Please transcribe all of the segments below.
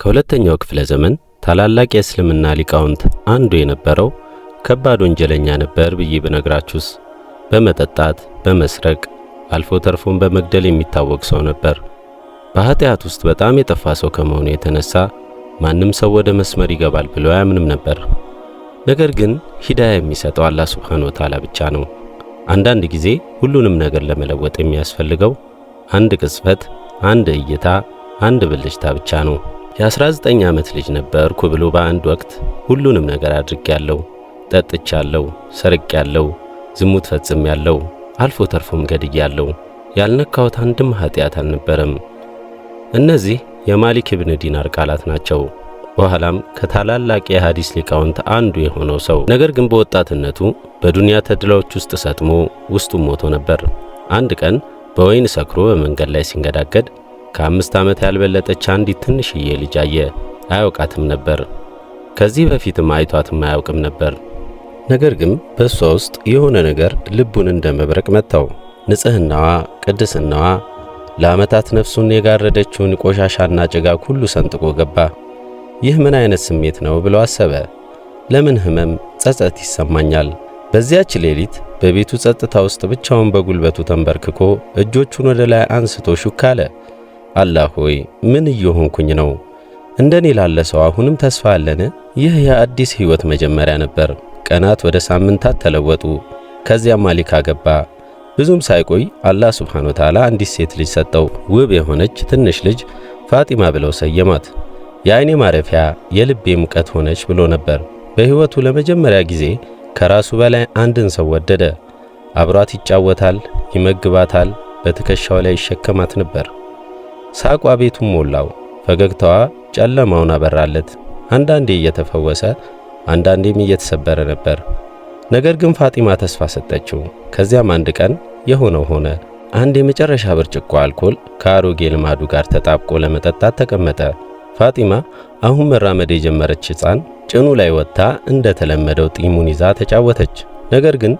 ከሁለተኛው ክፍለ ዘመን ታላላቅ የእስልምና ሊቃውንት አንዱ የነበረው ከባድ ወንጀለኛ ነበር ብዬ ብነግራችሁስ? በመጠጣት በመስረቅ አልፎ ተርፎን በመግደል የሚታወቅ ሰው ነበር። በኃጢአት ውስጥ በጣም የጠፋ ሰው ከመሆኑ የተነሳ ማንም ሰው ወደ መስመር ይገባል ብሎ አያምንም ነበር። ነገር ግን ሂዳያ የሚሰጠው አላህ ሱብሓነሁ ወተዓላ ብቻ ነው። አንዳንድ ጊዜ ሁሉንም ነገር ለመለወጥ የሚያስፈልገው አንድ ቅጽበት፣ አንድ እይታ፣ አንድ ብልጭታ ብቻ ነው። የ19 ዓመት ልጅ ነበርኩ ብሎ በአንድ ወቅት ሁሉንም ነገር አድርጌያለሁ፣ ጠጥቻለሁ፣ ሰርቄያለሁ፣ ዝሙት ፈጽሜያለሁ፣ አልፎ ተርፎም ገድያለሁ፣ ያልነካሁት አንድም ኃጢአት አልነበረም። እነዚህ የማሊክ ኢብን ዲናር ቃላት ናቸው። በኋላም ከታላላቅ የሐዲስ ሊቃውንት አንዱ የሆነው ሰው ነገር ግን በወጣትነቱ በዱንያ ተድላዎች ውስጥ ሰጥሞ ውስጡም ሞቶ ነበር። አንድ ቀን በወይን ሰክሮ በመንገድ ላይ ሲንገዳገድ ከአምስት ዓመት ያልበለጠች አንዲት ትንሽዬ ልጅ አየ። አያውቃትም ነበር። ከዚህ በፊትም አይቷትም አያውቅም ነበር። ነገር ግን በእሷ ውስጥ የሆነ ነገር ልቡን እንደ መብረቅ መታው። ንጽሕናዋ፣ ቅድስናዋ ለዓመታት ነፍሱን የጋረደችውን ቆሻሻና ጭጋግ ሁሉ ሰንጥቆ ገባ። ይህ ምን አይነት ስሜት ነው ብሎ አሰበ። ለምን ህመም ጸጸት ይሰማኛል? በዚያች ሌሊት በቤቱ ጸጥታ ውስጥ ብቻውን በጉልበቱ ተንበርክኮ እጆቹን ወደ ላይ አንስቶ ሹክ አለ። አላህ ሆይ ምን እየሆንኩኝ ነው? እንደኔ ላለ ሰው አሁንም ተስፋ አለን? ይህ የአዲስ ህይወት መጀመሪያ ነበር። ቀናት ወደ ሳምንታት ተለወጡ። ከዚያም ማሊካ ገባ። ብዙም ሳይቆይ አላህ ሱብሓነ ወተዓላ አንዲት ሴት ልጅ ሰጠው። ውብ የሆነች ትንሽ ልጅ ፋጢማ ብለው ሰየማት። የአይኔ ማረፊያ የልቤ ሙቀት ሆነች ብሎ ነበር። በህይወቱ ለመጀመሪያ ጊዜ ከራሱ በላይ አንድን ሰው ወደደ። አብሯት ይጫወታል፣ ይመግባታል፣ በትከሻው ላይ ይሸከማት ነበር። ሳቋ ቤቱን ሞላው፣ ፈገግታዋ ጨለማውን አበራለት። አንዳንዴ እየተፈወሰ አንዳንዴም እየተሰበረ ነበር። ነገር ግን ፋጢማ ተስፋ ሰጠችው። ከዚያም አንድ ቀን የሆነው ሆነ። አንድ የመጨረሻ ብርጭቆ አልኮል ከአሮጌ ልማዱ ጋር ተጣብቆ ለመጠጣት ተቀመጠ። ፋጢማ አሁን መራመድ የጀመረች ሕፃን ጭኑ ላይ ወጥታ እንደተለመደው ጢሙን ይዛ ተጫወተች። ነገር ግን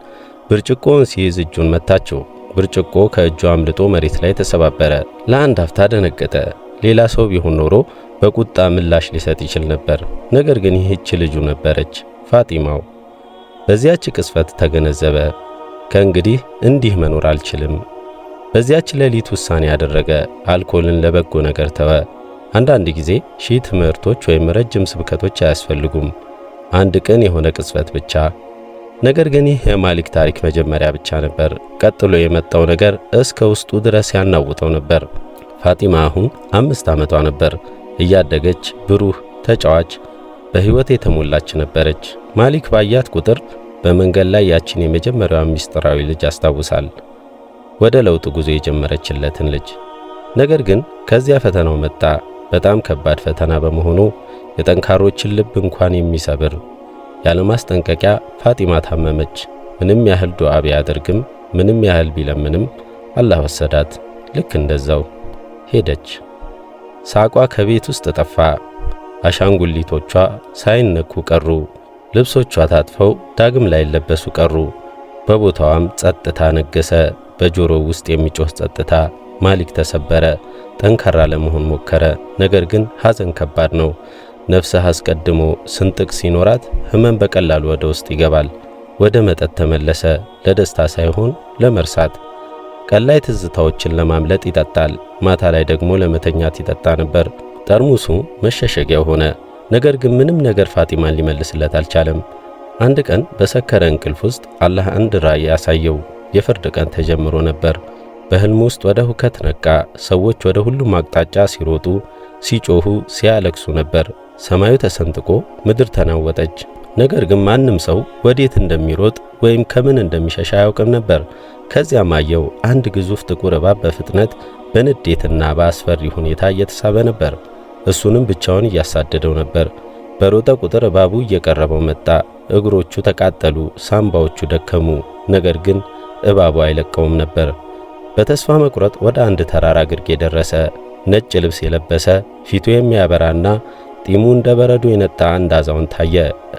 ብርጭቆውን ሲይዝ እጁን መታችው። ብርጭቆ ከእጁ አምልጦ መሬት ላይ ተሰባበረ። ለአንድ አፍታ ደነገጠ። ሌላ ሰው ቢሆን ኖሮ በቁጣ ምላሽ ሊሰጥ ይችል ነበር። ነገር ግን ይህች ልጁ ነበረች ፋጢማው። በዚያች ቅስፈት ተገነዘበ። ከእንግዲህ እንዲህ መኖር አልችልም። በዚያች ሌሊት ውሳኔ ያደረገ፣ አልኮልን ለበጎ ነገር ተወ። አንዳንድ ጊዜ ሺህ ትምህርቶች ወይም ረጅም ስብከቶች አያስፈልጉም። አንድ ቅን የሆነ ቅስፈት ብቻ ነገር ግን ይህ የማሊክ ታሪክ መጀመሪያ ብቻ ነበር። ቀጥሎ የመጣው ነገር እስከ ውስጡ ድረስ ያናውጠው ነበር። ፋጢማ አሁን አምስት ዓመቷ ነበር። እያደገች ብሩህ፣ ተጫዋች፣ በሕይወት የተሞላች ነበረች። ማሊክ ባያት ቁጥር በመንገድ ላይ ያችን የመጀመሪያዋ ምስጢራዊ ልጅ ያስታውሳል። ወደ ለውጥ ጉዞ የጀመረችለትን ልጅ። ነገር ግን ከዚያ ፈተናው መጣ። በጣም ከባድ ፈተና በመሆኑ የጠንካሮችን ልብ እንኳን የሚሰብር ያለማስጠንቀቂያ ፋጢማ ታመመች። ምንም ያህል ዱዓ ቢያደርግም ምንም ያህል ቢለምንም አላህ ወሰዳት። ልክ እንደዛው ሄደች። ሳቋ ከቤት ውስጥ ጠፋ። አሻንጉሊቶቿ ሳይነኩ ቀሩ። ልብሶቿ ታጥፈው ዳግም ላይለበሱ ቀሩ። በቦታዋም ጸጥታ ነገሰ። በጆሮ ውስጥ የሚጮህ ጸጥታ። ማሊክ ተሰበረ። ጠንካራ ለመሆን ሞከረ። ነገር ግን ሐዘን ከባድ ነው። ነፍስህ አስቀድሞ ስንጥቅ ሲኖራት ሕመም በቀላሉ ወደ ውስጥ ይገባል። ወደ መጠጥ ተመለሰ። ለደስታ ሳይሆን ለመርሳት። ቀን ላይ ትዝታዎችን ለማምለጥ ይጠጣል፣ ማታ ላይ ደግሞ ለመተኛት ይጠጣ ነበር። ጠርሙሱ መሸሸጊያ ሆነ። ነገር ግን ምንም ነገር ፋጢማን ሊመልስለት አልቻለም። አንድ ቀን በሰከረ እንቅልፍ ውስጥ አላህ አንድ ራእይ ያሳየው። የፍርድ ቀን ተጀምሮ ነበር። በሕልም ውስጥ ወደ ሁከት ነቃ። ሰዎች ወደ ሁሉም አቅጣጫ ሲሮጡ፣ ሲጮኹ፣ ሲያለቅሱ ነበር። ሰማዩ ተሰንጥቆ ምድር ተናወጠች። ነገር ግን ማንም ሰው ወዴት እንደሚሮጥ ወይም ከምን እንደሚሸሽ አያውቅም ነበር። ከዚያም አየው አንድ ግዙፍ ጥቁር እባብ በፍጥነት በንዴትና በአስፈሪ ሁኔታ እየተሳበ ነበር። እሱንም ብቻውን እያሳደደው ነበር። በሮጠ ቁጥር እባቡ እየቀረበው መጣ። እግሮቹ ተቃጠሉ፣ ሳምባዎቹ ደከሙ። ነገር ግን እባቡ አይለቀውም ነበር። በተስፋ መቁረጥ ወደ አንድ ተራራ ግርጌ ደረሰ። ነጭ ልብስ የለበሰ ፊቱ የሚያበራና ጢሙ እንደ በረዶ የነጣ አንድ አዛውንት ታየ።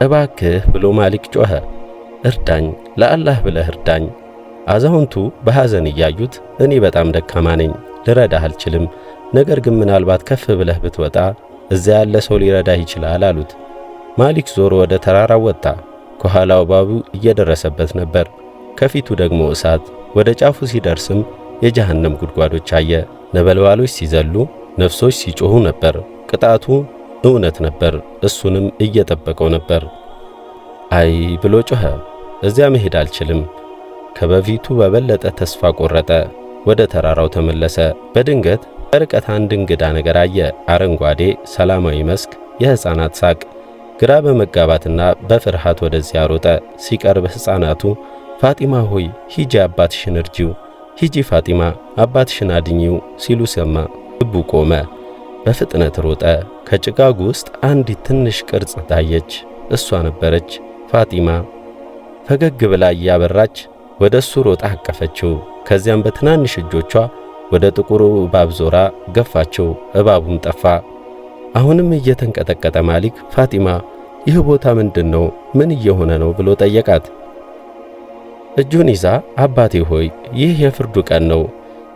እባክህ ብሎ ማሊክ ጮኸ። እርዳኝ፣ ለአላህ ብለህ እርዳኝ። አዛውንቱ በሐዘን እያዩት እኔ በጣም ደካማ ነኝ፣ ልረዳህ አልችልም። ነገር ግን ምናልባት ከፍ ብለህ ብትወጣ እዚያ ያለ ሰው ሊረዳህ ይችላል አሉት። ማሊክ ዞሮ ወደ ተራራው ወጣ። ከኋላው እባቡ እየደረሰበት ነበር፣ ከፊቱ ደግሞ እሳት። ወደ ጫፉ ሲደርስም የጀሃነም ጉድጓዶች አየ። ነበልባሎች ሲዘሉ፣ ነፍሶች ሲጮኹ ነበር። ቅጣቱ እውነት ነበር። እሱንም እየጠበቀው ነበር። አይ ብሎ ጮኸ። እዚያ መሄድ አልችልም። ከበፊቱ በበለጠ ተስፋ ቆረጠ። ወደ ተራራው ተመለሰ። በድንገት በርቀት አንድ እንግዳ ነገር አየ። አረንጓዴ ሰላማዊ መስክ፣ የሕፃናት ሳቅ። ግራ በመጋባትና በፍርሃት ወደዚያ ሮጠ። ሲቀርብ ሕፃናቱ ፋጢማ ሆይ ሂጂ አባትሽን እርጂው፣ ሂጂ ፋጢማ አባትሽን አድኚው ሲሉ ሰማ። ልቡ ቆመ። በፍጥነት ሮጠ። ከጭጋጉ ውስጥ አንዲት ትንሽ ቅርጽ ታየች። እሷ ነበረች ፋጢማ። ፈገግ ብላ እያበራች ወደ እሱ ሮጣ አቀፈችው። ከዚያም በትናንሽ እጆቿ ወደ ጥቁሩ እባብ ዞራ ገፋችው። እባቡም ጠፋ። አሁንም እየተንቀጠቀጠ ማሊክ ፋጢማ ይህ ቦታ ምንድን ነው? ምን እየሆነ ነው? ብሎ ጠየቃት። እጁን ይዛ አባቴ ሆይ ይህ የፍርዱ ቀን ነው።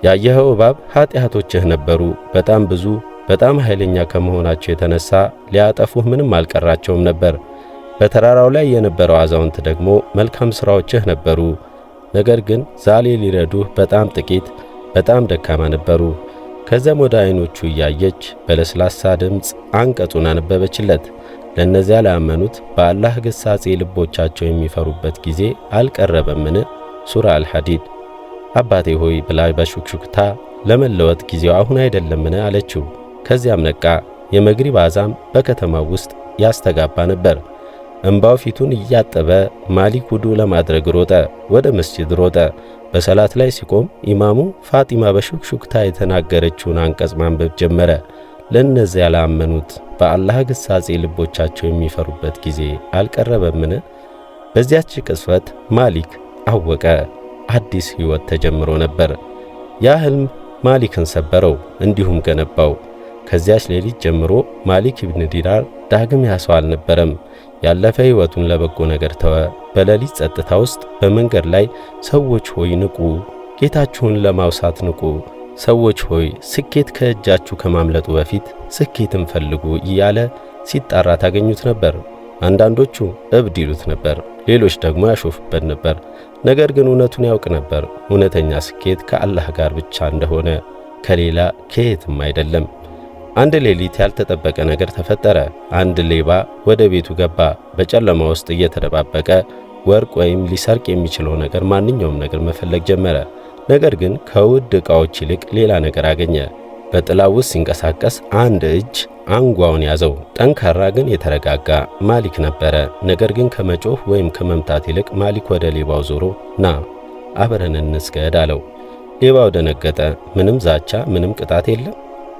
ያየኸው እባብ ኀጢአቶችህ ነበሩ፣ በጣም ብዙ በጣም ኃይለኛ ከመሆናቸው የተነሳ ሊያጠፉህ ምንም አልቀራቸውም ነበር። በተራራው ላይ የነበረው አዛውንት ደግሞ መልካም ሥራዎችህ ነበሩ። ነገር ግን ዛሌ ሊረዱህ በጣም ጥቂት፣ በጣም ደካማ ነበሩ። ከዚያም ወደ ዐይኖቹ እያየች በለስላሳ ድምፅ አንቀጹን አነበበችለት። ለእነዚያ ላያመኑት በአላህ ግሳጼ ልቦቻቸው የሚፈሩበት ጊዜ አልቀረበምን? ሱራ አልሐዲድ። አባቴ ሆይ ብላ በሹክሹክታ ለመለወጥ ጊዜው አሁን አይደለምን አለችው። ከዚያም ነቃ። የመግሪብ አዛም በከተማው ውስጥ ያስተጋባ ነበር። እንባው ፊቱን እያጠበ ማሊክ ውዱ ለማድረግ ሮጠ። ወደ መስጂድ ሮጠ። በሰላት ላይ ሲቆም ኢማሙ ፋጢማ በሹክሹክታ የተናገረችውን አንቀጽ ማንበብ ጀመረ። ለእነዚያ ላመኑት በአላህ ግሳጼ ልቦቻቸው የሚፈሩበት ጊዜ አልቀረበምን? በዚያች ቅጽበት ማሊክ አወቀ። አዲስ ሕይወት ተጀምሮ ነበር። ያ ሕልም ማሊክን ሰበረው፣ እንዲሁም ገነባው። ከዚያች ሌሊት ጀምሮ ማሊክ ኢብን ዲራር ዳግም ያ ሰው አልነበረም። ያለፈ ሕይወቱን ለበጎ ነገር ተወ። በሌሊት ጸጥታ ውስጥ በመንገድ ላይ ሰዎች ሆይ ንቁ፣ ጌታችሁን ለማውሳት ንቁ፣ ሰዎች ሆይ ስኬት ከእጃችሁ ከማምለጡ በፊት ስኬትን ፈልጉ እያለ ሲጣራ ታገኙት ነበር። አንዳንዶቹ እብድ ይሉት ነበር፣ ሌሎች ደግሞ ያሾፉበት ነበር። ነገር ግን እውነቱን ያውቅ ነበር። እውነተኛ ስኬት ከአላህ ጋር ብቻ እንደሆነ ከሌላ ከየትም አይደለም። አንድ ሌሊት ያልተጠበቀ ነገር ተፈጠረ። አንድ ሌባ ወደ ቤቱ ገባ። በጨለማ ውስጥ እየተደባበቀ ወርቅ ወይም ሊሰርቅ የሚችለው ነገር ማንኛውም ነገር መፈለግ ጀመረ። ነገር ግን ከውድ ዕቃዎች ይልቅ ሌላ ነገር አገኘ። በጥላ ውስጥ ሲንቀሳቀስ አንድ እጅ አንጓውን ያዘው። ጠንካራ ግን የተረጋጋ ማሊክ ነበረ። ነገር ግን ከመጮህ ወይም ከመምታት ይልቅ ማሊክ ወደ ሌባው ዞሮ ና አብረን እንስገድ አለው። ሌባው ደነገጠ። ምንም ዛቻ፣ ምንም ቅጣት የለም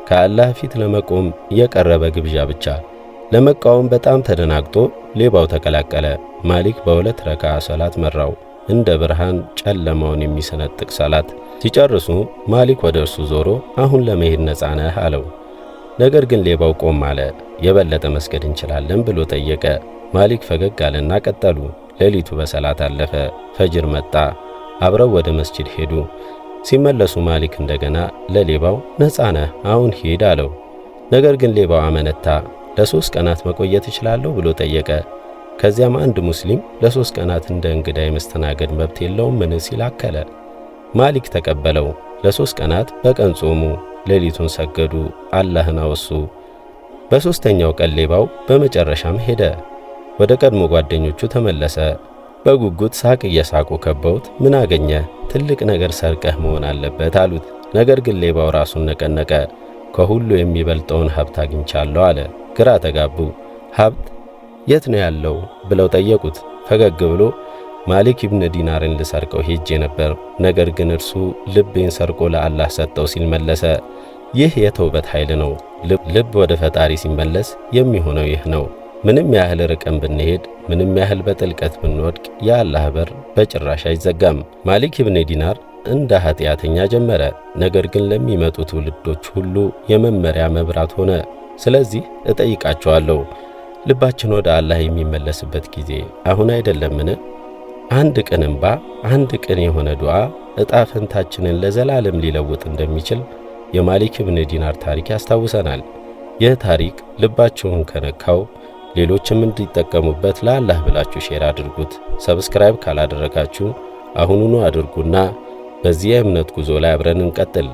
ከአላህ ፊት ለመቆም የቀረበ ግብዣ ብቻ። ለመቃወም በጣም ተደናግጦ ሌባው ተቀላቀለ። ማሊክ በሁለት ረካ ሰላት መራው፣ እንደ ብርሃን ጨለማውን የሚሰነጥቅ ሰላት። ሲጨርሱ ማሊክ ወደ እርሱ ዞሮ አሁን ለመሄድ ነፃ ነህ አለው። ነገር ግን ሌባው ቆም አለ። የበለጠ መስገድ እንችላለን ብሎ ጠየቀ። ማሊክ ፈገግ አለና ቀጠሉ። ሌሊቱ በሰላት አለፈ። ፈጅር መጣ። አብረው ወደ መስጂድ ሄዱ። ሲመለሱ ማሊክ እንደገና ለሌባው ነፃ ነህ አሁን ሂድ አለው። ነገር ግን ሌባው አመነታ። ለሶስት ቀናት መቆየት እችላለሁ ብሎ ጠየቀ። ከዚያም አንድ ሙስሊም ለሶስት ቀናት እንደ እንግዳ የመስተናገድ መብት የለውም ምን ሲል አከለ። ማሊክ ተቀበለው። ለሶስት ቀናት በቀን ጾሙ፣ ሌሊቱን ሰገዱ፣ አላህን አወሱ። በሦስተኛው ቀን ሌባው በመጨረሻም ሄደ። ወደ ቀድሞ ጓደኞቹ ተመለሰ። በጉጉት ሳቅ እየሳቁ ከበውት ምን አገኘ? ትልቅ ነገር ሰርቀህ መሆን አለበት አሉት። ነገር ግን ሌባው ራሱን ነቀነቀ። ከሁሉ የሚበልጠውን ሀብት አግኝቻለሁ አለ። ግራ ተጋቡ። ሀብት የት ነው ያለው ብለው ጠየቁት። ፈገግ ብሎ ማሊክ ኢብን ዲናርን ልሰርቀው ሄጄ ነበር፣ ነገር ግን እርሱ ልቤን ሰርቆ ለአላህ ሰጠው ሲል መለሰ። ይህ የተውበት ኃይል ነው። ልብ ወደ ፈጣሪ ሲመለስ የሚሆነው ይህ ነው። ምንም ያህል ርቀን ብንሄድ፣ ምንም ያህል በጥልቀት ብንወድቅ የአላህ በር በጭራሽ አይዘጋም። ማሊክ ኢብን ዲናር እንደ ኃጢአተኛ ጀመረ፣ ነገር ግን ለሚመጡ ትውልዶች ሁሉ የመመሪያ መብራት ሆነ። ስለዚህ እጠይቃቸዋለሁ፣ ልባችን ወደ አላህ የሚመለስበት ጊዜ አሁን አይደለምን? አንድ ቅን እንባ፣ አንድ ቅን የሆነ ዱዓ ዕጣ ፈንታችንን ለዘላለም ሊለውጥ እንደሚችል የማሊክ ኢብን ዲናር ታሪክ ያስታውሰናል። ይህ ታሪክ ልባቸውን ከነካው ሌሎችም እንዲጠቀሙበት ለአላህ ብላችሁ ሼር አድርጉት። ሰብስክራይብ ካላደረጋችሁ አሁኑኑ አድርጉና በዚህ የእምነት ጉዞ ላይ አብረን እንቀጥል።